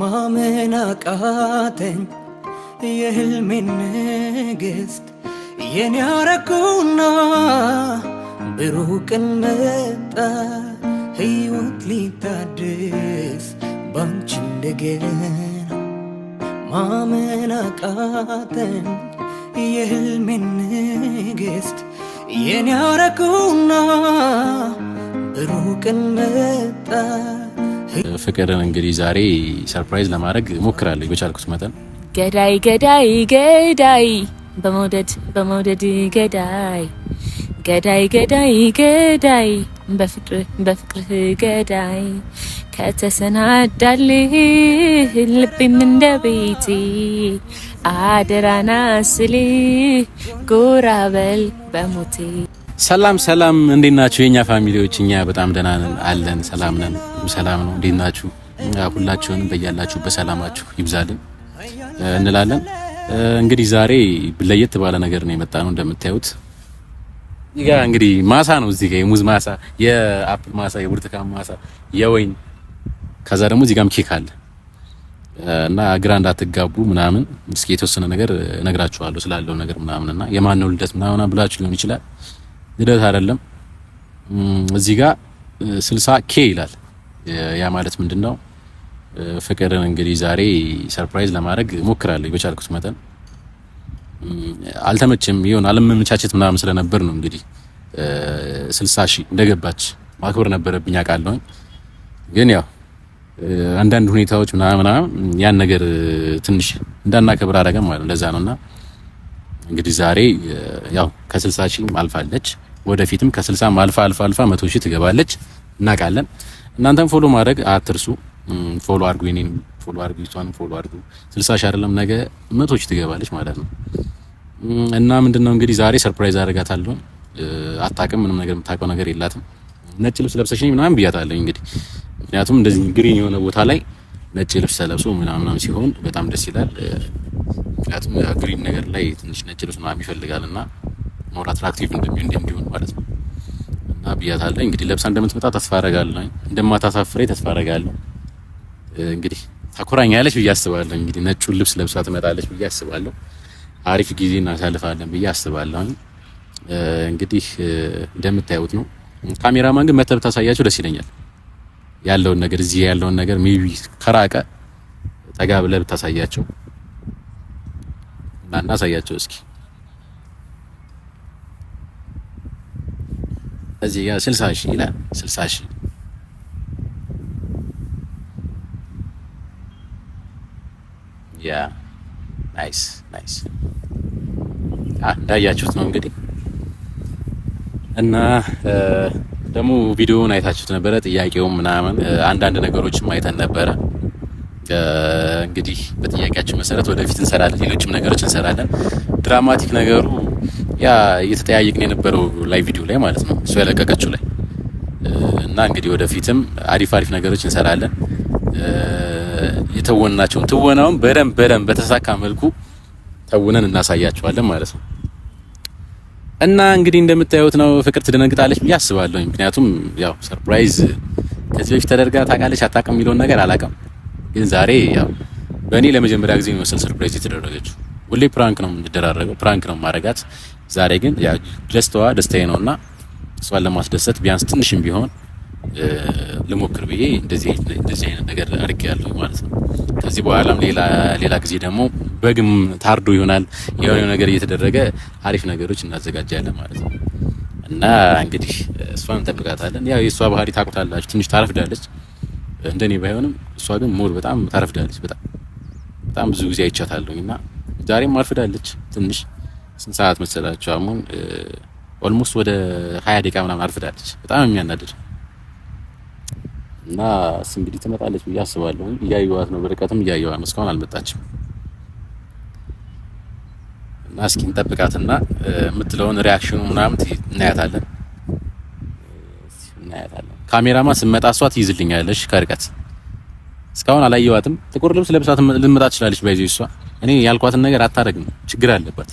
ማመን አቃተኝ የህልሜን ንግሥት የኔ ብሩህ መጣ ሕይወት ሊታድስ ባንቺ እንደገና ማመን አቃተኝ የህልሜን ንግሥት የኔ መጣ ፍቅርን እንግዲህ ዛሬ ሰርፕራይዝ ለማድረግ ሞክራለሁ በቻልኩት መጠን። ገዳይ ገዳይ ገዳይ በመውደድ በመውደድ ገዳይ ገዳይ ገዳይ ገዳይ በፍቅር ገዳይ ከተሰናዳልህ ልቤም እንደ ቤቲ አደራና ስልህ ጎራበል በሞቴ ሰላም ሰላም፣ እንዴት ናችሁ የኛ ፋሚሊዎች? እኛ በጣም ደህና ነን አለን፣ ሰላም ነን፣ ሰላም ነው። እንዴት ናችሁ? ሁላችሁን በያላችሁ በሰላማችሁ ይብዛልን እንላለን። እንግዲህ ዛሬ ለየት ባለ ነገር ነው የመጣ ነው እንደምታዩት። ይጋ እንግዲህ ማሳ ነው እዚህ ጋር የሙዝ ማሳ፣ የአፕል ማሳ፣ የብርቱካን ማሳ፣ የወይን ከዛ ደግሞ እዚህ ጋርም ኬክ አለ እና ግራ እንዳትጋቡ ምናምን። እስኪ የተወሰነ ነገር እነግራችኋለሁ ስላለው ነገር ምናምን እና የማን ነው ልደት ምናምን ብላችሁ ሊሆን ይችላል ልደት አይደለም። እዚህ ጋር 60 ኬ ይላል። ያ ማለት ምንድነው? ፍቅርን እንግዲህ ዛሬ ሰርፕራይዝ ለማድረግ ሞክራለሁ በቻልኩት መጠን። አልተመቸም ይሆን አለመመቻቸት ምናምን ስለነበር ነው እንግዲህ 60 ሺህ እንደገባች ማክበር ነበረብኝ አውቃለሁ። ግን ያው አንዳንድ ሁኔታዎች ምናምን ያን ነገር ትንሽ እንዳናከብር አደረገን ማለት ለዛ ነውና እንግዲህ ዛሬ ያው ከስልሳ ሺህ አልፋለች። ወደፊትም ከስልሳ አልፋ አልፋ አልፋ መቶ ሺህ ትገባለች እናውቃለን። እናንተም ፎሎ ማድረግ አትርሱ። ፎሎ አድርጉ፣ የኔን ፎሎ አድርጉ፣ እሷንም ፎሎ አድርጉ። ስልሳ ሺህ አይደለም ነገ መቶ ሺህ ትገባለች ማለት ነው። እና ምንድነው እንግዲህ ዛሬ ሰርፕራይዝ አደርጋታለሁ። አታውቅም፣ ምንም ነገር የምታውቀው ነገር የላትም። ነጭ ልብስ ለብሰሽ ምናምን ብያታለሁ። እንግዲህ ምክንያቱም እንደዚህ ግሪን የሆነ ቦታ ላይ ነጭ ልብስ ተለብሶ ምናምናም ሲሆን በጣም ደስ ይላል። ምክንያቱም ግሪን ነገር ላይ ትንሽ ነጭ ልብስ ምናምን ይፈልጋል እና ሞር አትራክቲቭ እንዲሆን ማለት ነው እና ብያታለሁ። እንግዲህ ለብሳ እንደምትመጣ ተስፋ አረጋለሁ። እንደማታሳፍረኝ ተስፋ አረጋለሁ። እንግዲህ ታኮራኛለች ብዬ አስባለሁ። እንግዲህ ነጩን ልብስ ለብሳ ትመጣለች ብዬ አስባለሁ። አሪፍ ጊዜ እናሳልፋለን ብዬ አስባለሁ። እንግዲህ እንደምታዩት ነው። ካሜራማን ግን መተብ ታሳያቸው ደስ ይለኛል። ያለውን ነገር እዚህ ያለውን ነገር ሜቢ ከራቀ ጠጋ ብለህ ብታሳያቸው እና እናሳያቸው እስኪ እዚህ ጋር ስልሳ ሺህ ይላል። ስልሳ ሺህ ያ ናይስ ናይስ። እንዳያችሁት ነው እንግዲህ እና ደግሞ ቪዲዮውን አይታችሁት ነበረ። ጥያቄውም ምናምን አንዳንድ ነገሮች አይተን ነበረ። እንግዲህ በጥያቄያችን መሰረት ወደፊት እንሰራለን፣ ሌሎችም ነገሮች እንሰራለን። ድራማቲክ ነገሩ ያ እየተጠያየቅን የነበረው ላይ ቪዲዮ ላይ ማለት ነው እሱ ያለቀቀችው ላይ እና እንግዲህ ወደፊትም አሪፍ አሪፍ ነገሮች እንሰራለን። የተወናቸውን ትወናውን በደንብ በደንብ በተሳካ መልኩ ተውነን እናሳያቸዋለን ማለት ነው። እና እንግዲህ እንደምታዩት ነው ፍቅር ትደነግጣለች ብዬ አስባለሁ። ምክንያቱም ያው ሰርፕራይዝ ከዚህ በፊት ተደርጋ ታውቃለች አታውቅም የሚለውን ነገር አላውቅም፣ ግን ዛሬ ያው በእኔ ለመጀመሪያ ጊዜ የሚመስል ሰርፕራይዝ የተደረገችው። ሁሌ ፕራንክ ነው የምንደራረገው፣ ፕራንክ ነው ማረጋት። ዛሬ ግን ደስታዋ ደስታዬ ነው እና እሷን ለማስደሰት ቢያንስ ትንሽም ቢሆን ልሞክር ብዬ እንደዚህ አይነት ነገር አድርጌ ያለሁ ማለት ነው። ከዚህ በኋላም ሌላ ጊዜ ደግሞ በግም ታርዶ ይሆናል የሆነ ነገር እየተደረገ አሪፍ ነገሮች እናዘጋጃለን ማለት ነው። እና እንግዲህ እሷን እንጠብቃታለን። ያው የእሷ ባህሪ ታቁታላችሁ። ትንሽ ታረፍዳለች። እንደኔ ባይሆንም እሷ ግን ሞር በጣም ታረፍዳለች። በጣም በጣም ብዙ ጊዜ አይቻታለሁኝ እና ዛሬም አርፍዳለች ትንሽ። ስንት ሰዓት መሰላችሁ? አሁን ኦልሞስት ወደ ሀያ ደቂቃ ምናምን አርፍዳለች። በጣም የሚያናድድ እና እስ እንግዲህ ትመጣለች ብዬ አስባለሁ። እያየዋት ነው፣ በርቀትም እያየዋ ነው። እስካሁን አልመጣችም። እና እስኪ እንጠብቃትና የምትለውን ሪያክሽኑ ምናምን እናያታለን እናያታለን። ካሜራማ ስመጣ እሷ ትይዝልኛለች ከርቀት። እስካሁን አላየዋትም። ጥቁር ልብስ ለብሳ ልትመጣ ትችላለች። ባይዚ እሷ እኔ ያልኳትን ነገር አታረግም፣ ችግር አለባት።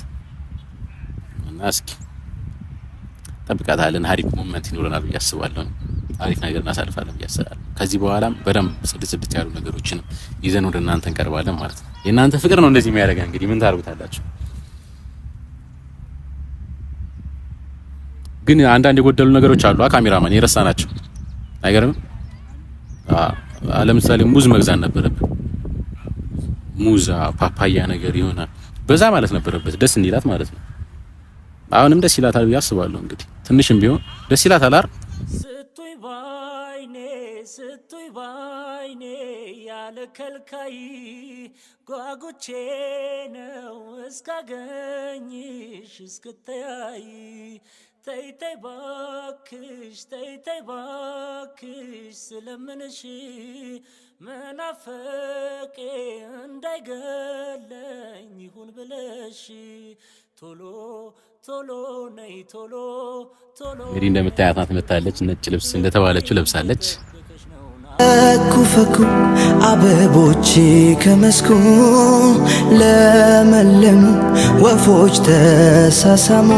እና እስኪ እንጠብቃታለን። ሀሪፍ ሞመንት ይኖረናል ብዬ አስባለሁ። አሪፍ ነገር እናሳልፋለን እያስባል። ከዚህ በኋላም በደንብ ጽድት ጽድት ያሉ ነገሮችን ይዘን ወደ እናንተ እንቀርባለን ማለት ነው። የእናንተ ፍቅር ነው እንደዚህ የሚያደርገን። እንግዲህ ምን ታርጉታላችሁ? ግን አንዳንድ የጎደሉ ነገሮች አሉ። ካሜራማን የረሳ ናቸው። አይገርም። ለምሳሌ ሙዝ መግዛት ነበረብን። ሙዛ ፓፓያ ነገር የሆነ በዛ ማለት ነበረበት፣ ደስ እንዲላት ማለት ነው። አሁንም ደስ ይላታል ብዬ አስባለሁ። እንግዲህ ትንሽም ቢሆን ደስ ይላታል አይደል? ባይኔ ያለ ከልካይ ጓጉቼ ነው እስካገኝሽ እስክተያይ ተይተይ ባክሽ ተይተይ ባክሽ ስለምንሽ መናፈቄ እንዳይገለኝ ይሁን ብለሽ እንግዲህ እንደምታያት ናት። መታለች ነጭ ልብስ እንደተባለችው ለብሳለች። ኩፈኩ አበቦች ከመስኩ ለመለሙ፣ ወፎች ተሳሳሙ፣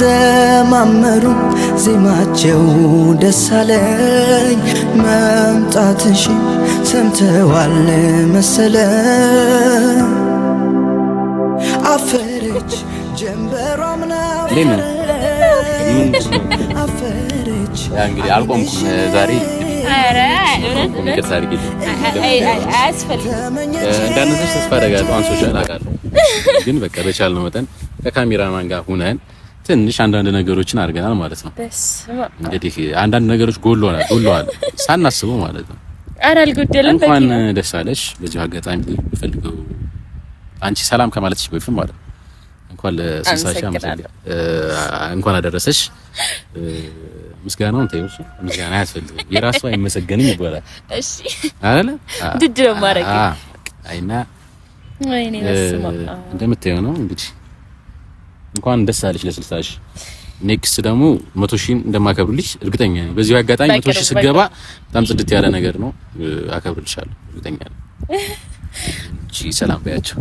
ዘማመሩ፣ ዜማቸው ደሳለኝ መምጣትሽ ሰምተዋል መሰለ እንዴት ነው? እንግዲህ አልቆምኩም ዛሬ እንዳነሰች ተስፋ አደርጋለሁ። አንሶሻል አውቃለሁ፣ ግን በቃ በቻልነው መጠን ከካሜራማን ጋር ሁነን ትንሽ አንዳንድ ነገሮችን አድርገናል ማለት ነው። እንግዲህ አንዳንድ ነገሮች ጎሎናል ጎሎዋል ሳናስበው ማለት ነው። ኧረ እንኳን ደስ አለሽ። አጋጣሚ ፈልገው አንቺ ሰላም ከማለትሽ በፊት ማለት ነው እንኳን ለስልሳ ሺህ እንኳን አደረሰሽ። ምስጋናውን ታዩሽ፣ ምስጋና አያስፈልግም የራሱ አይመሰገንም ይባላል። እሺ አይደለ? ድድ ነው ማረግ አይና ወይኔ ለስማ እንደምታየው ነው እንግዲህ። እንኳን ደስ አለሽ ለስልሳ ሺህ። ኔክስ ደግሞ መቶ ሺህን እንደማከብርልሽ እርግጠኛ ነኝ። በዚሁ አጋጣሚ መቶ ሺህ ስገባ በጣም ጽድት ያለ ነገር ነው። አከብርልሻለሁ፣ እርግጠኛ ነኝ። እሺ፣ ሰላም በያቸው።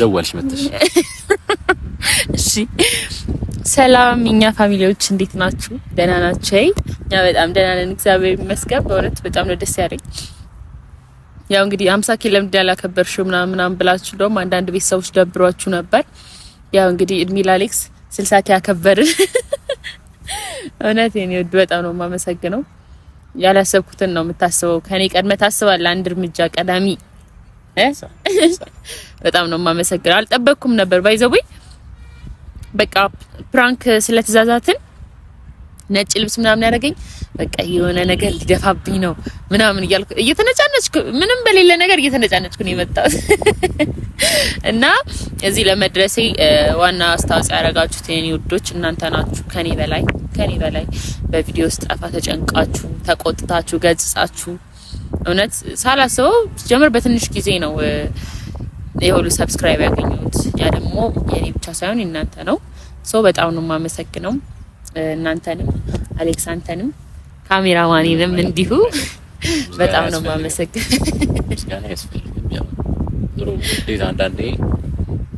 ዘዋልሽ መጥተሽ። እሺ፣ ሰላም እኛ ፋሚሊዎች እንዴት ናችሁ? ደህና ናችሁ? እኛ በጣም ደህና ነን፣ እግዚአብሔር ይመስገን። በእውነት በጣም ነው ደስ ያለኝ። ያው እንግዲህ አምሳ ኬ ለምድ ያላከበርሽው ምናምን ምናምን ብላችሁ ደግሞ አንዳንድ ቤተሰቦች ደብሯችሁ ነበር። ያው እንግዲህ እድሜ ላሌክስ ስልሳ ኬ ያከበርን። እውነት የኔ ውድ በጣም ነው የማመሰግነው። ያላሰብኩትን ነው የምታስበው። ከኔ ቀድመ ታስባለ አንድ እርምጃ ቀዳሚ በጣም ነው የማመሰግነው። አልጠበቅኩም ነበር ባይዘዊ በቃ ፕራንክ ስለተዛዛትን ነጭ ልብስ ምናምን ያደረገኝ በቃ የሆነ ነገር ሊደፋብኝ ነው ምናምን እያልኩ እየተነጫነችኩ ምንም በሌለ ነገር እየተነጫነችኩ ነው የመጣሁት እና እዚህ ለመድረሴ ዋና አስተዋጽኦ ያደረጋችሁት የኔ ውዶች እናንተ ናችሁ። ከኔ በላይ ከኔ በላይ በቪዲዮ ውስጥ ጠፋ ተጨንቃችሁ፣ ተቆጥታችሁ፣ ገጽጻችሁ እውነት ሳላስበው ጀምር በትንሽ ጊዜ ነው የሁሉ ሰብስክራይብ ያገኘሁት። ያ ደግሞ የኔ ብቻ ሳይሆን እናንተ ነው። ሰው በጣም ነው የማመሰግነው እናንተንም፣ አሌክሳንተንም፣ ካሜራማኒንም እንዲሁ በጣም ነው የማመሰግነው። ጥሩ አንዳንዴ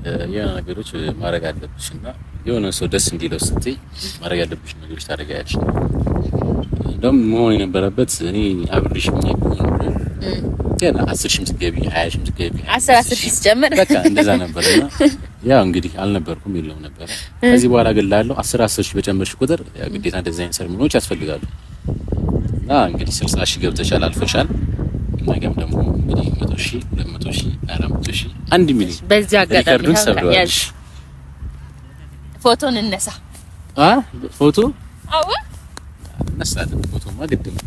የሆነ ነገሮች ማድረግ አለብሽ እና የሆነ ሰው ደስ እንዲለው ስትይ ማድረግ ያለብሽ ነገሮች ታደርጊያለሽ። ደግሞ መሆን የነበረበት እኔ አብሬሽ ገና አስር ሺህም ስገቢ ሀያ ሺህም ስገቢ አስር አስር ሺህ ስጀምር በቃ እንደዛ ነበርና ያው እንግዲህ አልነበርኩም የለውም ነበር። ከዚህ በኋላ ግን ላለው አስር አስር ሺህ በጨመርሽ ቁጥር ግዴታ እንደዚህ አይነት ሰርሞኖች ያስፈልጋሉ እና እንግዲህ ስልሳ ሺህ ገብተሻል አልፈሻል። ነገም ደግሞ እንግዲህ መቶ ሺህ ሁለት መቶ ሺህ አራት መቶ ሺህ አንድ ሚሊዮን በዚህ አጋጣሚ ሰብረዋል። ፎቶን እነሳ ፎቶ አዎ እንነሳለን። ፎቶማ ግድ ነው።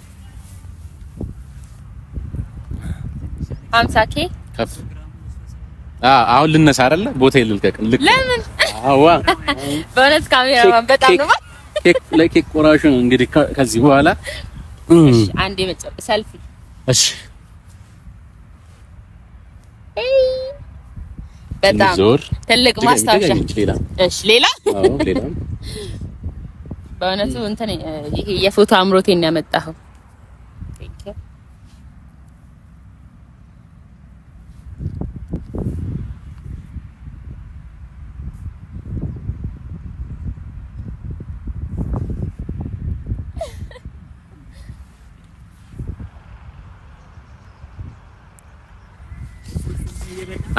ሀምሳ ኬ ከፍ አሁን ልነሳ አይደለ? ቦታ ይልልቀቅ ልክ ለምን? አዋ በእውነት ካሜራማን በጣም ነው ለኬክ ቆራሹን እንግዲህ ከዚህ በኋላ እሺ፣ አንዴ መጨረሻ ሰልፊ። እሺ፣ በጣም ትልቅ ማስታወሻ። እሺ፣ ሌላ አዎ፣ ሌላ በእውነቱ እንትን ይሄ የፎቶ አምሮቴን ያመጣኸው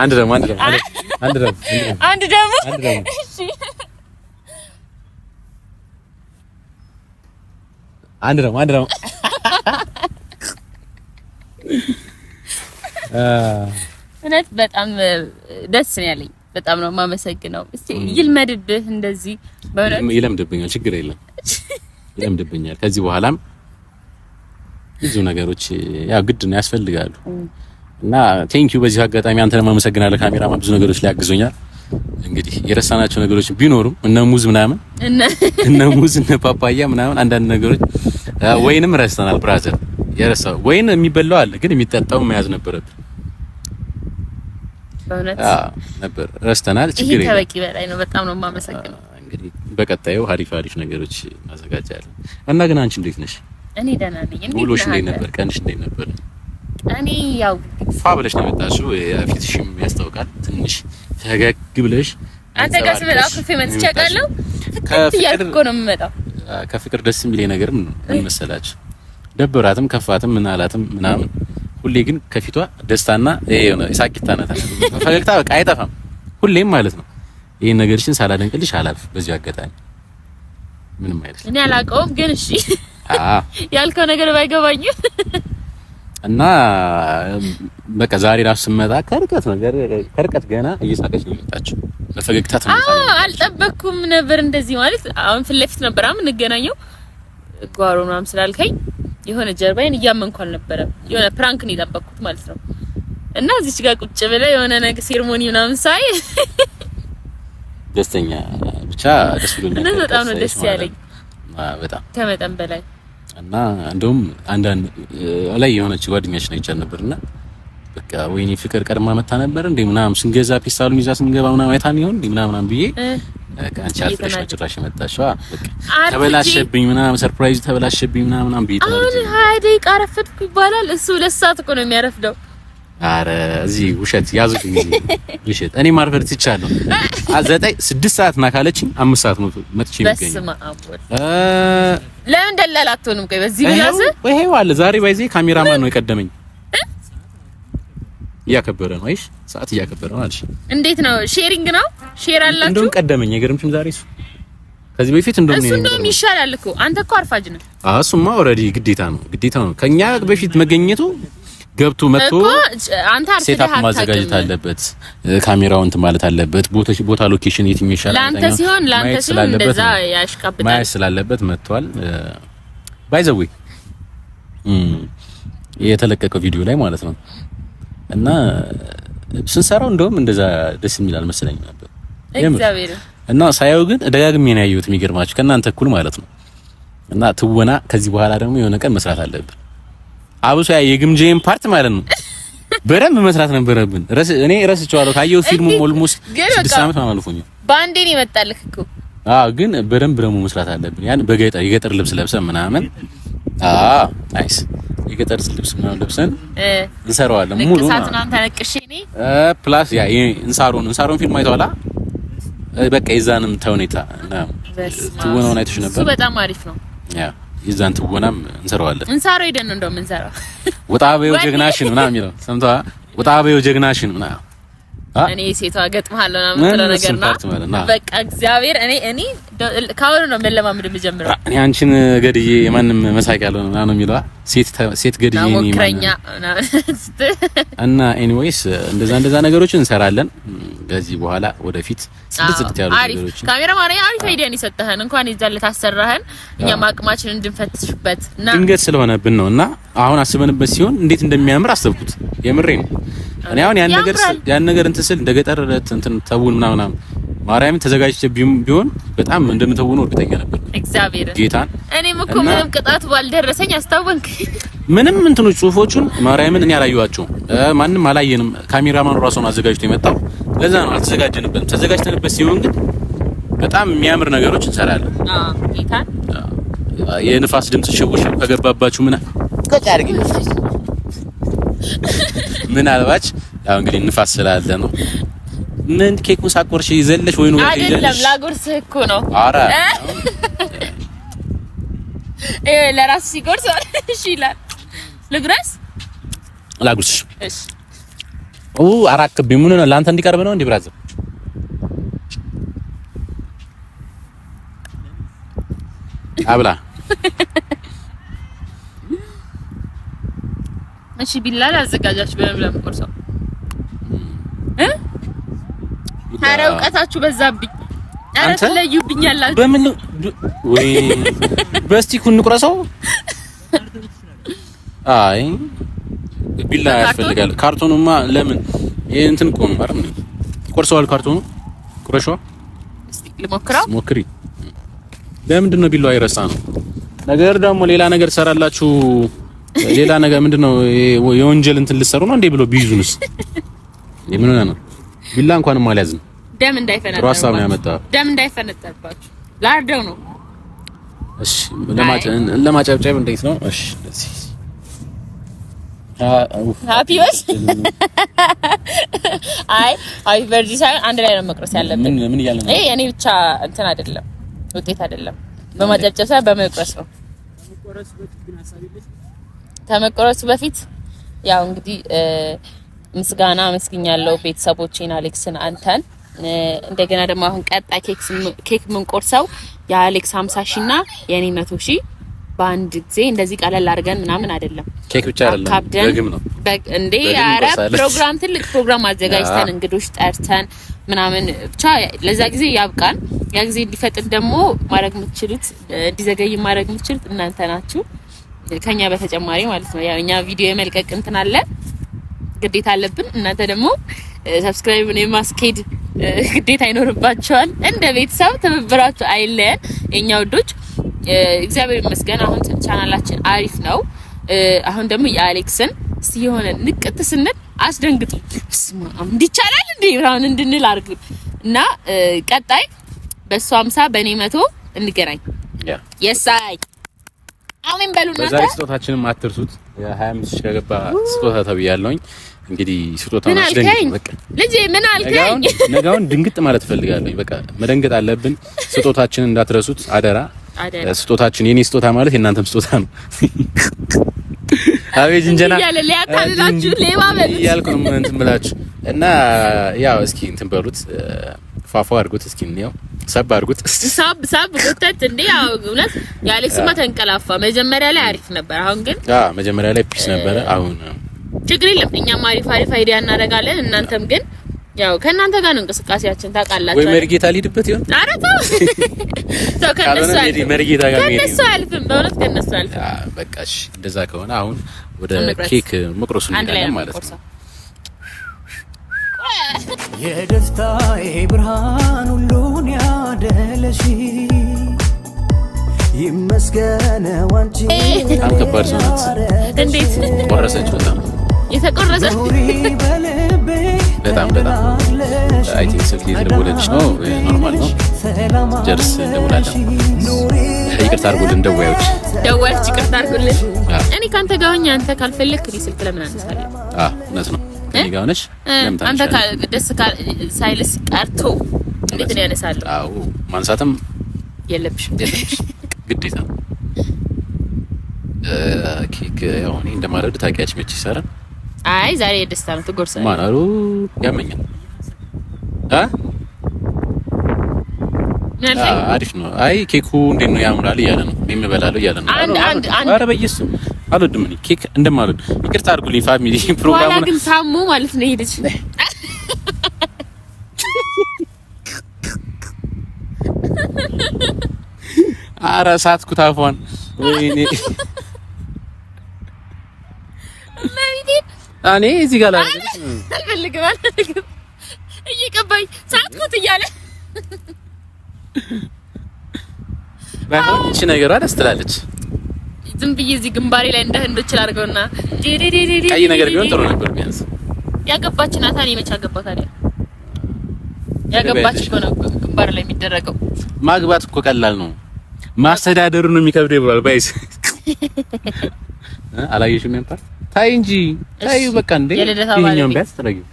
አንድ ደግሞ አንድ ደግሞ አንድ ደግሞ አንድ ደግሞ እሺ አንድ ነው አንድ ነው። እውነት በጣም ደስ ነው ያለኝ። በጣም ነው የማመሰግነው። እስቲ ይልመድብህ፣ እንደዚህ በእውነት ይለምድብኛል። ችግር የለም ይለምድብኛል። ከዚህ በኋላም ብዙ ነገሮች ያው ግድ ነው ያስፈልጋሉ እና ቴንኪዩ በዚህ አጋጣሚ አንተ ለማመሰግናለህ። ካሜራማ ብዙ ነገሮች ላይ አግዞኛል። እንግዲህ የረሳናቸው ነገሮች ቢኖሩም እነ ሙዝ ምናምን እነ ሙዝ እነ ፓፓያ ምናምን አንዳንድ ነገሮች ወይንም ረስተናል። ብራዘር የረሳው ወይን የሚበላው አለ፣ ግን የሚጠጣው መያዝ ነበረብን። በእውነት ነበር ረስተናል። ችግር የለም። ይሄ ከበቂ በላይ ነው። በጣም ነው የማመሰግነው። እንግዲህ በቀጣዩ አሪፍ አሪፍ ነገሮች እናዘጋጃለን እና ግን አንቺ እንዴት ነሽ? እኔ ደህና ነኝ። እንዴት ውሎሽ እንዴት ነበር? ቀንሽ እንዴት ነበር? እኔ ያው ፋ ብለሽ ነው የመጣሽው። ፊትሽም ያስታውቃል ትንሽ ፈገግ ብለሽ አንተ ጋር ስመጣ አኩርፌ መጥቼ አውቃለሁ። ፍቅር እያልኩ እኮ ነው የምመጣው። ከፍቅር ደስ የሚለኝ ነገርም ምን መሰላችሁ። ደብራትም ከፋትም ምን አላትም ምናምን፣ ሁሌ ግን ከፊቷ ደስታና ይሄ ነው ሳቂታ ናት፣ ፈገግታ በቃ አይጠፋም፣ ሁሌም ማለት ነው። ይሄን ነገርሽን ሳላደንቅልሽ አላልፍ። በዚህ አጋጣሚ ምንም አይደለም፣ እኔ አላውቀውም፣ ግን እሺ ያልከው ነገር ባይገባኝም እና በቃ ዛሬ ራሱ ስመጣ ከርቀት ነገር ከርቀት ገና እየሳቀች ነው የመጣችው። በፈገግታት ነው። አዎ አልጠበቅኩም ነበር እንደዚህ ማለት። አሁን ፊት ለፊት ነበር አሁን እንገናኘው ጓሮ ምናምን ስላልከኝ የሆነ ጀርባዬን እያመንኩ አልነበረም። የሆነ ፕራንክ ነው የጠበቅኩት ማለት ነው። እና እዚች ጋር ቁጭ ብለህ የሆነ ነገር ሴርሞኒ ምናምን ሳይ ደስተኛ ብቻ ደስ ብሎኛል። እና በጣም ነው ደስ ያለኝ በጣም ከመጠን በላይ እና እንደውም አንዳንድ ላይ የሆነች ጓደኛችን አይቻል ነበርና በቃ ወይኔ ፍቅር ቀድማ መታ ነበር እንዴ ምናምን ስንገዛ ፔስታሉን ይዛ ስንገባ ምናምን አይታን ይሆን እንዴ ምናምን ብዬ አንቺ አልፈሽ መጨረሻ በቃ ተበላሸብኝ ምናምን ሰርፕራይዝ ተበላሸብኝ ምናምን ብዬ አሁን ሀያ ደቂቃ ረፈድኩ ይባላል። እሱ ሁለት ሰዓት እኮ ነው የሚያረፍደው። አረ እዚህ ውሸት ያዙት ጊዜ ውሸት እኔ ማርፈር ትቻለሁ። ዘጠኝ ስድስት ሰዓት ና ካለችኝ አምስት ሰዓት ነው መጥቼ የሚገኝ። ለምን ደላላ አትሆንም? ቆይ በዚህ ቢያዝ ወይ አለ ዛሬ ባይዚ ካሜራማን ነው የቀደመኝ። እያከበረ ነው አይሽ፣ ሰዓት እያከበረ ነው አልሽ። እንዴት ነው ሼሪንግ ነው ሼር አላችሁ? እንደውም ቀደመኝ አይገርምሽም? ዛሬ እሱ ከዚህ በፊት እንደውም እሱ እንደውም ይሻላል እኮ አንተ እኮ አርፋጅ ነው። እሱማ ኦልሬዲ ግዴታ ነው ግዴታ ነው ከኛ በፊት መገኘቱ ገብቶ መጥቶ ሴታፕ ማዘጋጀት አለበት። ካሜራው እንትን ማለት አለበት። ቦታ ሎኬሽን የትኛው ይሻላል ላንተ ሲሆን ላንተ ሲሆን እንደዛ ያሽቃብጣል። ማየት ስላለበት መጥቷል። ባይ ዘ ዌይ የተለቀቀው ቪዲዮ ላይ ማለት ነው እና ስንሰራው እንደውም እንደዛ ደስ የሚል አልመሰለኝ ነበር እግዚአብሔር እና ሳየው ግን ደጋግሜ ነው ያየሁት። የሚገርማችሁ ከእናንተ እኩል ማለት ነው እና ትወና ከዚህ በኋላ ደግሞ የሆነ ቀን መስራት አለብን አብሶ ያ የግምጄን ፓርት ማለት ነው በደንብ መስራት ነበረብን። ረስ እኔ ረስቼዋለሁ። ካየሁት ፊልሙ ኦልሞስት ስድስት ዓመት ምናምን አልፎኛል። በአንዴ ነው የመጣልህ እኮ። አዎ፣ ግን በደንብ ደግሞ መስራት አለብን። ያን በገጠር የገጠር ልብስ ለብሰን ምናምን አዎ፣ ናይስ የገጠር ልብስ ምናምን ለብሰን እንሰራዋለን። ሙሉ ፕላስ ያ እንሳሮን እንሳሮን ፊልም አይተዋላ? በቃ የዛንም ተውኔታ ትወናውን አይተሽ ነበር። በጣም አሪፍ ነው። የዛን ትወናም እንሰራዋለን። እንሰራው ሄደን ነው እንደውም እንሰራው። ወጣ በይው ጀግናሽን ምናምን የሚለው ሰምተዋ። ወጣ በይው ጀግናሽን ምናምን እኔ ሴቷ ገጥመሃለሁ ምናምን የምትለው ነገር ነው። በቃ እግዚአብሔር እኔ እኔ ካሁኑ ነው መለማመድ የምጀምረው። እኔ አንቺን ገድዬ የማንም መሳቂያ ያለው ነው ምናምን የሚለዋ ሴት ሴት ገድዬ እና ኤኒዌይስ እንደዛ እንደዛ ነገሮችን እንሰራለን። ከዚህ በኋላ ወደፊት ጽድት ያሉ ነገሮች ካሜራ ማሪ አሪፍ አይዲያን ይሰጠህን እንኳን ይዛለ ለታሰራህን እኛም አቅማችንን እንድንፈትሽበት እና ድንገት ስለሆነብን ነው። እና አሁን አስበንበት ሲሆን እንዴት እንደሚያምር አሰብኩት። የምሬ ነው። እኔ አሁን ያን ነገር ያን ነገር እንትን ስል እንደ ገጠር እንትን ተውን ምናምን ማርያም ተዘጋጅቼ ቢሆን በጣም እንደምተውኑ እርግጠኛ ነበር። እግዚአብሔር ጌታን እኔም እኮ ምንም ቅጣት ባልደረሰኝ አስታወንክ ምንም እንትኖች ጽሁፎቹን ማርያምን እኔ አላየኋቸውም። ማንም አላየንም። ካሜራማኑ ራሱን አዘጋጅቶ የመጣው ለዛ ነው። አልተዘጋጀንበትም። ተዘጋጅተንበት ሲሆን ግን በጣም የሚያምር ነገሮች እንሰራለን። የንፋስ ድምጽ ሽውሽ ከገባባችሁ ምን ምናልባች ያው እንግዲህ ንፋስ ስላለ ነው። ምን ኬኩን ሳቆርሽ ይዘለሽ ወይ ነው አይደለም ላጎርስህ እኮ ነው። ኧረ ለራስ ሲጎርስ እሺ ይላል። ልጉረስ ላጉርስ። እሺ ኡ ምን ነው ለአንተ እንዲቀርብ ነው እንዴ ብራዘር? አብላ እሺ ቢላል አዘጋጃችሁ በለምለም ቆርሰው እ ኧረ እውቀታችሁ በዛብኝ። ኧረ ትለዩብኛል። በምን ወይ በስቲኩ እንቁረሰው። አይ ቢላ ያስፈልጋል። ካርቶኑማ ለምን ይሄ እንትን ቆም ነው ቆርሰዋል። ካርቶኑ ቁረሽዋ። እስቲ ልሞክረው። ሞክሪ። ለምንድን ነው ቢላ አይረሳ ነው ነገር ደግሞ ሌላ ነገር ሰራላችሁ። ሌላ ነገር ምንድነው? የወንጀል እንትን ልሰሩ ነው እንዴ ብሎ ቢይዙንስ? የምን ሆነ ነው? ቢላ እንኳን እንኳንም ነው ደም ደም እንዳይፈነጠርባችሁ ላርደው ነው። እሺ፣ ለማጨብጨብ እንዴት ነው? እሺ፣ ወስ አይ አይ በርዚ ሳይሆን አንድ ላይ ነው መቅረስ ያለብን። ምን እያለ ነው? እኔ ብቻ እንትን አይደለም ውጤት አይደለም። በማጨብጨብ ሳይሆን በመቅረስ ነው። ከመቆረሱ በፊት ያው እንግዲህ ምስጋና አመስግኛለሁ ቤተሰቦቼን፣ አሌክስን፣ አንተን እንደገና ደግሞ አሁን ቀጣ ኬክ የምንቆርሰው የአሌክስ 50 ሺህ እና የኔ 100 ሺ በአንድ ጊዜ እንደዚህ ቀለል አድርገን ምናምን አይደለም። ኬክ ብቻ አይደለም በግም ነው እንዴ? ኧረ ፕሮግራም፣ ትልቅ ፕሮግራም አዘጋጅተን እንግዶች ጠርተን ምናምን ብቻ ለዛ ጊዜ ያብቃን። ያ ጊዜ እንዲፈጥን ደግሞ ማድረግ የምትችሉት እንዲዘገይ ማድረግ የምትችሉት እናንተ ናችሁ፣ ከኛ በተጨማሪ ማለት ነው። ያው እኛ ቪዲዮ የመልቀቅ እንትን አለ ግዴታ አለብን። እናንተ ደግሞ ሰብስክራይብ ነው የማስኬድ ግዴታ አይኖርባቸዋል። እንደ ቤተሰብ ትብብራችሁ አይለየን የኛ ውዶች። እግዚአብሔር ይመስገን አሁን ቻናላችን አሪፍ ነው። አሁን ደግሞ የአሌክስን እስቲ የሆነ ንቅት ስንል አስደንግጡ። እንዲቻላል እንዴ ሁን እንድንል አርግ እና ቀጣይ በእሱ ሀምሳ በእኔ መቶ እንገናኝ። የሳይ አሜን በሉ ስጦታችንም አትርሱት። የ25 ሺህ ከገባ ስጦታ ተብያለሁኝ። እንግዲህ ስጦታ ልጄ ምን አልከኝ? ነገውን ድንግጥ ማለት ፈልጋለሁ። በቃ መደንገጥ አለብን። ስጦታችን እንዳትረሱት አደራ። ስጦታችን የኔ ስጦታ ማለት የእናንተም ስጦታ ነው። አቤት እንጀና ሊያታልላችሁ እያልኩ ነው እንትን ብላችሁ እና ያው እስኪ እንትን በሉት ፏፏ አድርጉት እስኪ እንየው። ሰብ አድርጉት ሰብ ሰብ ጉተት እንዴ ያው እውነት ስማ ተንቀላፋ። መጀመሪያ ላይ አሪፍ ነበር። አሁን ግን አ መጀመሪያ ላይ ፒስ ነበረ አሁን ችግር የለም። እኛም አሪፍ አሪፍ አይዲያ እናደርጋለን። እናንተም ግን ያው ከእናንተ ጋር ነው እንቅስቃሴያችን። ታውቃላችሁ ወይ መርጌታ ሊድበት ይሆን? ኧረ ተው ተው፣ ከእነሱ አልፍም፣ ከእነሱ አልፍም፣ በእውነት ከእነሱ አልፍም። በቃ እሺ፣ እንደዛ ከሆነ አሁን ወደ ኬክ መቁረሱ እንሄዳለን ማለት ነው። የደስታዬ ብርሃን ሁሉን ያደለሽ ይመስገነ ዋንቺ በጣም ከባድ እንዴት ቆረሰች? በጣም የተቆረጠ በጣም በጣም አይ ቲንክ ስልክ የደወለልሽ ነው። ኖርማል ነው። ጀርስ እንደውላለን። ይቅርታ አድርጎልን ደዋዮች ደዋዮች ይቅርታ አድርጎልን። እኔ ከአንተ ጋር ሆኜ አንተ ካልፈለክ እኔ ስልክ ለምን አነሳለሁ? እውነት ነው። እኔ ጋር ሆነሽ አንተ ደስ ሳይልስ ቀርቶ እንዴት ነው ያነሳለሁ? ማንሳትም የለብሽም ግዴታ ኬክ ያው እኔ እንደማረድ ታውቂያለሽ መቼ ይሰራል አይ ዛሬ የደስታ ነው። ትጎርሰ ማናሩ ያመኛል። አሪፍ ነው። አይ ኬኩ እንዴት ነው ያምራል እያለ ነው የሚበላለው እያለ ነው። አንድ አንድ አንድ ኧረ በየሱ አልወድም እኔ ኬክ እንደማልወድ ይቅርታ አድርጉልኝ። ፋሚሊ ፕሮግራሙ ግን ሳሙ ማለት ነው ሄደች አረ ሳትኩት አፏን ወይኔ እኔ እዚህ ጋር አልፈልግም አልፈልግም እየቀባኝ ሰዓት ኮት እያለ ባይሆን እቺ ነገሯ ደስ ትላለች። ዝም ብዬ እዚህ ግንባሬ ላይ እንደ ህንዶች ላድርገውና ቀይ ነገር ቢሆን ጥሩ ነበር። ቢያንስ ያገባች ናታ። እኔ ያገባች እኮ ነው ግንባር ላይ የሚደረገው። ማግባት እኮ ቀላል ነው፣ ማስተዳደሩ ነው የሚከብደው ብሏል ባይስ አላየሽም? ያን ፓርት ታይ እንጂ ታይ በቃ እንዴ ይሄኛውን ቢያንስ ተረጊው።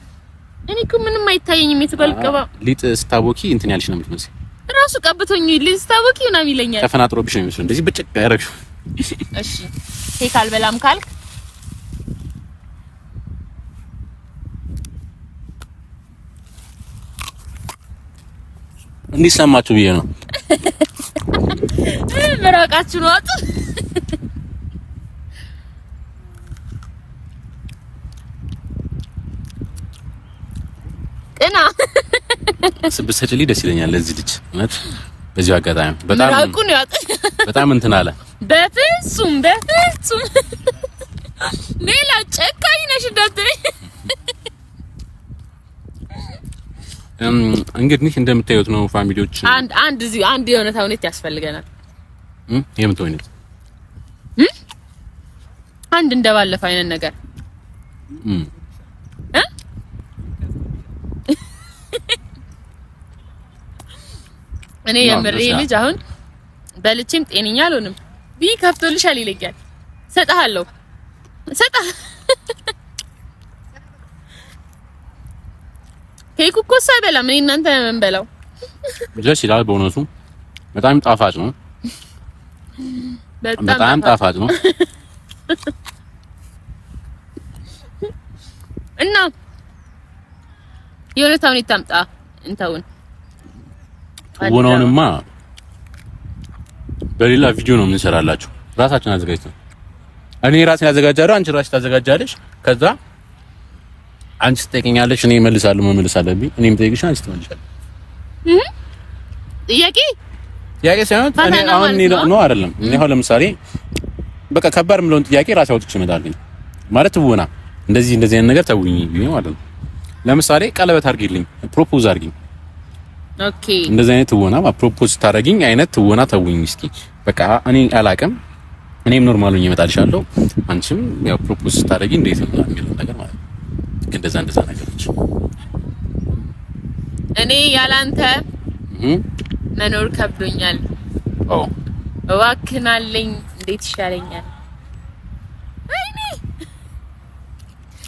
እኔ እኮ ምንም አይታየኝም። የተጓልቀባ ሊጥ ስታቦኪ እንትን ያልሽ ነው የምትመስለው። ራሱ ቀብቶኝ ሊጥ ስታቦኪ ምናምን ይለኛል። ተፈናጥሮብሽ ነው የሚመስለው። እንደዚህ ብጭቅ ያደረግሽው። እሺ ኬክ አልበላም ካልክ እንዲሰማችሁ ብዬ ነው። ምራቃችሁ ነው አጥ ቅና ብትሰጪልኝ ደስ ይለኛል። ለዚህ ልጅ እውነት በዚህ አጋጣሚ በጣም በጣም እንትን አለ። በፍጹም በፍጹም ሌላ ጨካኝ ነሽ እንዳትለኝ። እንግዲህ እንደምታዩት ነው ፋሚሊዎች፣ አንድ አንድ እዚሁ አንድ የሆነ ተውኔት ያስፈልገናል። እም የምን ተውኔት? አንድ እንደባለፈው አይነት ነገር እኔ የምሬ ልጅ አሁን በልቼም ጤንኛ አልሆንም። ቢ ከፍቶልሻል ይለኛል። ሰጣሃለሁ ሰጣ ኬኩ እኮ እሱ አይበላም። እኔ እናንተ የምንበላው ደስ ይላል። በእውነቱ በጣም ጣፋጭ ነው። በጣም ጣፋጭ ነው እና የሆነ ተውኔት እንተውን ትወናውንማ በሌላ ቪዲዮ ነው የምንሰራላችሁ። ራሳችን አዘጋጅተን እኔ ራሴን አዘጋጃለሁ፣ አንቺ ራስሽ ታዘጋጃለሽ። ከዛ አንቺ ትጠይቀኛለሽ፣ እኔ እመልሳለሁ። መመለስ አለብኝ። እኔም ጠይቅሽ፣ አንቺ ትመልሻለሽ። ጥያቄ ጥያቄ ሳይሆን እኔ አሁን ነው አይደለም። እኔ አሁን ለምሳሌ በቃ ከባድ የምለውን ጥያቄ ራሴ አውጥቼ እመጣለሁ። ማለት ትወና እንደዚህ እንደዚህ አይነት ነገር ተውኝ ማለት ነው ለምሳሌ ቀለበት አድርጊልኝ፣ ፕሮፖዝ አድርጊኝ። ኦኬ እንደዚህ አይነት ትወና ፕሮፖዝ ታደርጊኝ አይነት ትወና ተውኝ። እስኪ በቃ እኔ አላቅም። እኔም ኖርማል ሆኜ እመጣልሻለሁ። አንቺም ያው ፕሮፖዝ ታደርጊ እንዴት ነው የሚለው ነገር ማለት ነው። እንደዛ እንደዛ ነገሮች እኔ ያላንተ መኖር ከብዶኛል። ኦ እባክናለኝ፣ እንዴት ይሻለኛል?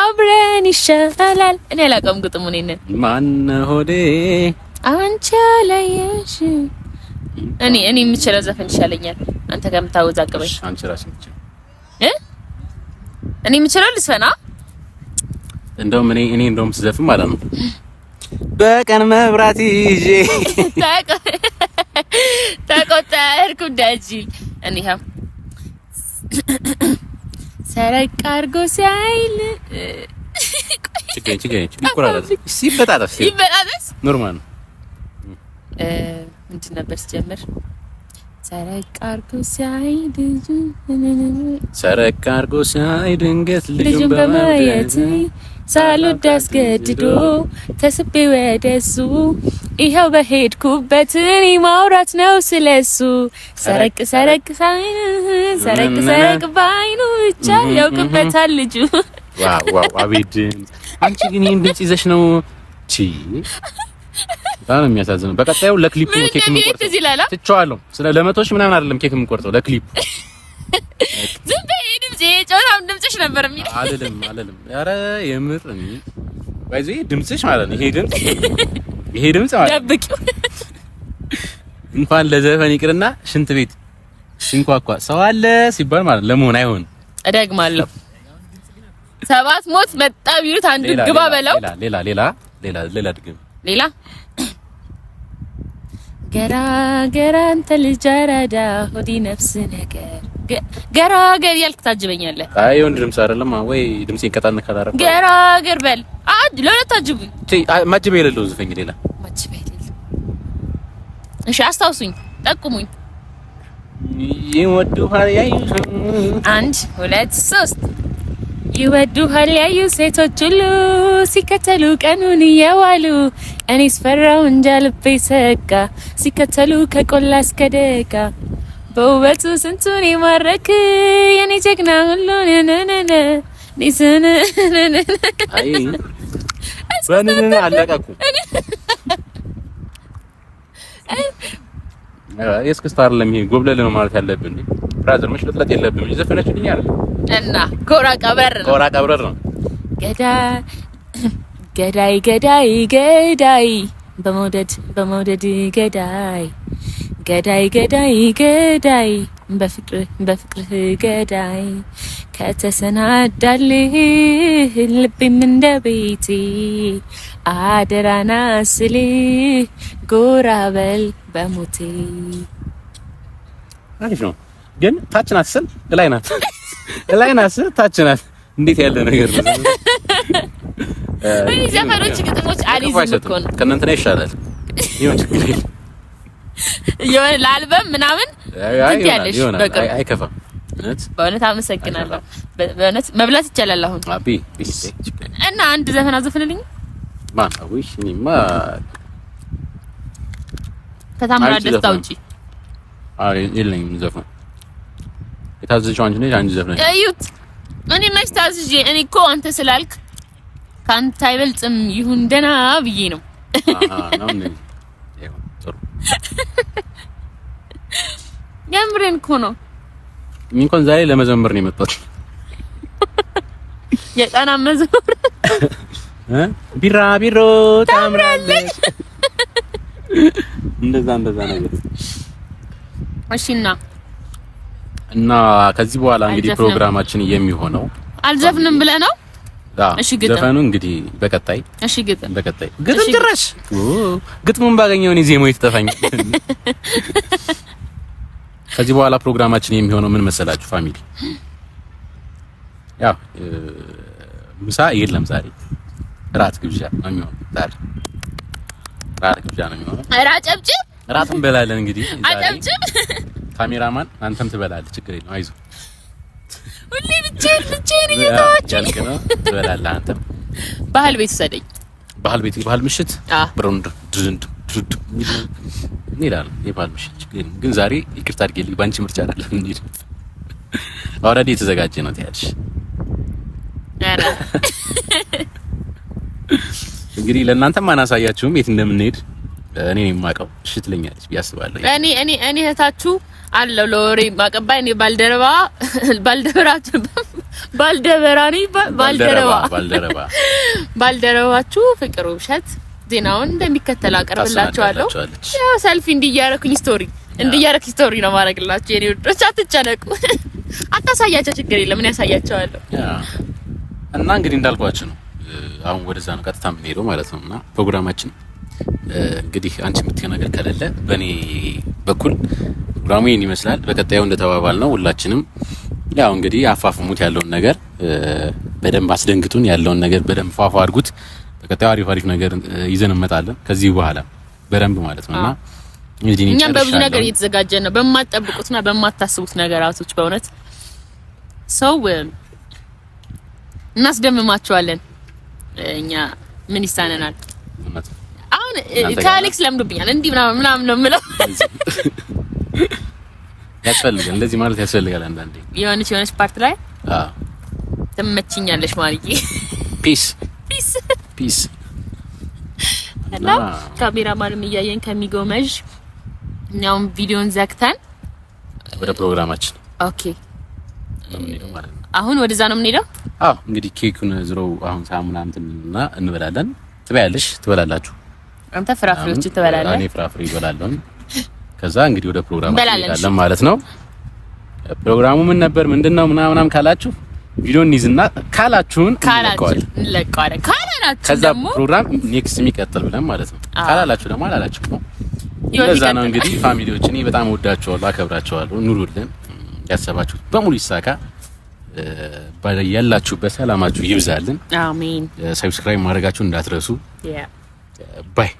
አብረን ይሻላል። እኔ አላውቀውም ግጥሙ ነኝ ማን ሆዴ አንቺ አለየሽ። እኔ እኔ የምችለው ዘፈን ይሻለኛል። አንተ ከምታወዛቅበሽ አንቺ ራስሽ ምትችል እ እኔ የምችለው ልስፈና። እንደውም እኔ እኔ እንደውም ስዘፍን ማለት ነው በቀን መብራት ይዤ ተቆጣ እርኩ ዳጂ እኔ ሰረቅ አድርጎ ሲያይል ችግኝ ችግኝ ይቆራረጥ ሲበጣጠስ ሲበጣጠስ ኖርማል ነው። ምንድን ነበር ስጀምር? አድርጎ ሲያይ ልጁ ሰረቅ አድርጎ ሲያይ ድንገት ልጁን በማየት ሳልወድ አስገድዶ ተስቤ ወደሱ ይኸው በሄድኩበት እኔ ማውራት ነው ስለሱ ሰረቅ ሰረቅ ሳይን ሰረቅ ሰረቅ ባይኑ ብቻ ያውቅበታል ልጁ። ዋው አቤት! አንቺ ግን ይህን ድምጽ ይዘሽ ነው ቺ በጣም የሚያሳዝነው በቀጣዩ ለክሊፕ ነው ኬክ የምንቆርጠው። ትችዋለሁ። ስለ ለመቶ ምናምን አይደለም ኬክ የምንቆርጠው ለክሊፕ ድምጼ ጨዋታም ድምጽሽ ነበር የሚል አልልም አልልም። ኧረ የምር ባይዘይ ድምጽሽ ማለት ነው ይሄ ድምጽ ይሄ ድምጽ ማለት ደብቂው እንኳን ለዘፈን ይቅርና ሽንት ቤት ሽንኳኳ ሰው አለ ሲባል ማለት ለመሆን አይሆን። እደግማለሁ ሰባት ሞት መጣ ቢሉት አንዱ ግባ በለው። ሌላ ሌላ ሌላ ሌላ ድግም ሌላ ገራ ገራ አንተ ልጅ አራዳ ሆዲ ነፍስ ነገር ገራገር ያልክ ታጅበኛለህ። አይ የወንድ ድምጽ አይደለም ወይ? ድምጽ ይቀጣን ካላረ ገራገር በል። አጅ ለሁለት ታጅቡ ማጅበ የሌለው ዝፈኝ ሌላ ማጅበ የሌለው እሺ፣ አስታውሱኝ፣ ጠቁሙኝ። ይወዱሃል ያዩ አንድ ሁለት ሶስት ይወዱሃል ያዩ ሴቶች ሁሉ ሲከተሉ ቀኑን እየዋሉ ስፈራው እንጃ ልቤ ሰጋ ሲከተሉ ከቆላ እስከ ደጋ በውበቱ ስንቱን ይማረክ የኔ ጀግና ሁሉን ነነነ ኒስን አይ በነነ አለቀኩ። እስክስታ አይደለም ይሄ ጎብለል ነው ማለት ያለብን። ብራዘር መሽለጥለጥ የለብም። ዘፈነችልኝ አይደል እና ኮራ ቀብረር ነው፣ ጎራ ቀብረር ነው። ገዳ ገዳይ ገዳይ ገዳይ በመውደድ በመውደድ ገዳይ ገዳይ ገዳይ ገዳይ በፍቅር በፍቅርህ ገዳይ ከተሰናዳልህ ልቤም እንደ ቤቴ አደራና ስልህ ጎራበል በል በሞቴ። አሪፍ ነው ግን ታች ናት ስል ላይ ናት፣ ላይ ናት ስል ታች ናት። እንዴት ያለ ነገር ነው! ወይ ዘፈኖች ግጥሞች አሪፍ ነው። ከእናንተ ይሻላል ይሁን ችግር የለም የሆነ ለአልበም ምናምን እንትን ያለሽ በቃ አይከፋም። በእውነት አመሰግናለሁ። በእውነት መብላት ይቻላል። አሁን እና አንድ ዘፈን አዘፍንልኝ። ማውሽ እኔማ ከታምራት ደስታ ውጪ አይ የለኝም ዘፈን። የታዘዝሽው አንቺ ነሽ። አንቺ ዘፈን እዩት። እኔ መች ታዝዤ? እኔ እኮ አንተ ስላልክ ከአንተ አይበልጥም ይሁን ደህና ብዬ ነው። አሃ ነው ነኝ የምሬን እኮ ነው። እንኳን ዛሬ ለመዘመር ነው የመጣሁት። የጣና መዘመር ቢራ ቢሮ ታምራለች። እንደዛ እንደዛ ነገር እሺና እና ከዚህ በኋላ እንግዲህ ፕሮግራማችን የሚሆነው አልዘፍንም ብለህ ነው ዘፈኑ እንግዲህ በቀጣይ እሺ ግጥም በቀጣይ ግጥም ጭራሽ ግጥሙን ባገኘው እኔ ዜማው ይተፋኝ። ከዚህ በኋላ ፕሮግራማችን የሚሆነው ምን መሰላችሁ ፋሚሊ? ያ ምሳ የለም ዛሬ ራት ግብዣ ነው የሚሆነው። ዛሬ ራት ግብዣ ነው የሚሆነው። አጨብጭብ ራት እንበላለን እንግዲህ። አጨብጭብ ካሜራማን አንተም ትበላለህ፣ ችግር የለም አይዞህ ሁሌ ብቻዬን ብቻዬን እየተዋችኝ ትበላለህ። አንተም ባህል ቤት ውሰደኝ። ባህል ቤት የባህል ምሽት ብሮን ድንድ ድንድ ይላል። የባህል ምሽት ግን ዛሬ ይቅርታ አድርጌልኝ ባንቺ ምርጫ አይደለም እንዴ? ኦልሬዲ የተዘጋጀ ነው ትያለሽ። አረ እንግዲህ ለእናንተም አናሳያችሁም የት እንደምንሄድ እኔ ነው የማውቀው። እሺ ትለኛለች ብዬ አስባለሁ። እኔ እኔ እኔ እህታችሁ አለው ለወሬ ማቀባይ እኔ ባልደረባ ባልደረባችሁ ባልደረባ ባልደረባ ባልደረባ ባልደረባችሁ ፍቅር ውብሸት ዜናውን እንደሚከተል አቀርብላችኋለሁ። ያው ሰልፊ እንዲያረኩኝ ስቶሪ እንዲያረክ ስቶሪ ነው ማረግላችሁ። የኔ ወዶች አትጨነቁ፣ አታሳያቸው፣ ችግር የለም እኔ ያሳያቸዋለሁ። እና እንግዲህ እንዳልኳችሁ ነው። አሁን ወደዛ ነው ቀጥታ የምንሄደው ማለት ነውና ፕሮግራማችን እንግዲህ አንቺ የምትይው ነገር ከሌለ በእኔ በኩል ፕሮግራሙ ይህን ይመስላል። በቀጣዩ እንደተባባል ነው ሁላችንም ያው እንግዲህ አፋፍሙት ያለውን ነገር በደንብ አስደንግጡን፣ ያለውን ነገር በደንብ ፏፏ አድርጉት። በቀጣዩ አሪፍ አሪፍ ነገር ይዘን እንመጣለን ከዚህ በኋላ በደንብ ማለት ነውና እንግዲህ እኛም በብዙ ነገር እየተዘጋጀን ነው። በማትጠብቁትና በማታስቡት ነገራቶች በእውነት ሰው እናስደምማቸዋለን። እኛ ምን ይሳነናል? ከአሌክስ ለምዱብኛል እንዲህ ምናምን ምናምን ነው የምለው። ያስፈልጋል፣ እንደዚህ ማለት ያስፈልጋል። አንዳንዴ የሆነች የሆነች ፓርት ላይ ትመችኛለሽ ማለት ፒስ ፒስ ፒስ እና ካሜራማንም እያየን ከሚጎመዥ እኛውም ቪዲዮን ዘግተን ወደ ፕሮግራማችን ኦኬ። አሁን ወደዛ ነው የምንሄደው። አዎ እንግዲህ ኬኩን ዝሮው አሁን ሳሙና እንትን እና እንበላለን። ትበያለሽ፣ ትበላላችሁ አንተ ፍራፍሬዎችን ትበላለህ? እኔ ፍራፍሬ ይበላለሁ። ከዛ እንግዲህ ወደ ፕሮግራም እንሄዳለን ማለት ነው። ፕሮግራሙ ምን ነበር ምንድነው ምናምናም ካላችሁ ቪዲዮ እንይዝና ካላችሁን እንለቀዋለን እንለቀዋለን። ካላላችሁ ከዛ ፕሮግራም ኔክስት የሚቀጥል ብለን ማለት ነው። ካላላችሁ ደግሞ አላላችሁ ነው። ለዛ ነው እንግዲህ ፋሚሊዎች፣ እኔ በጣም ወዳቸዋለሁ፣ አከብራቸዋለሁ። ኑሩልን፣ ያሰባችሁ በሙሉ ይሳካ። ያላችሁበት ሰላማችሁ ይብዛልን። አሜን። ሰብስክራይብ ማድረጋችሁ እንዳትረሱ። ያ Bye.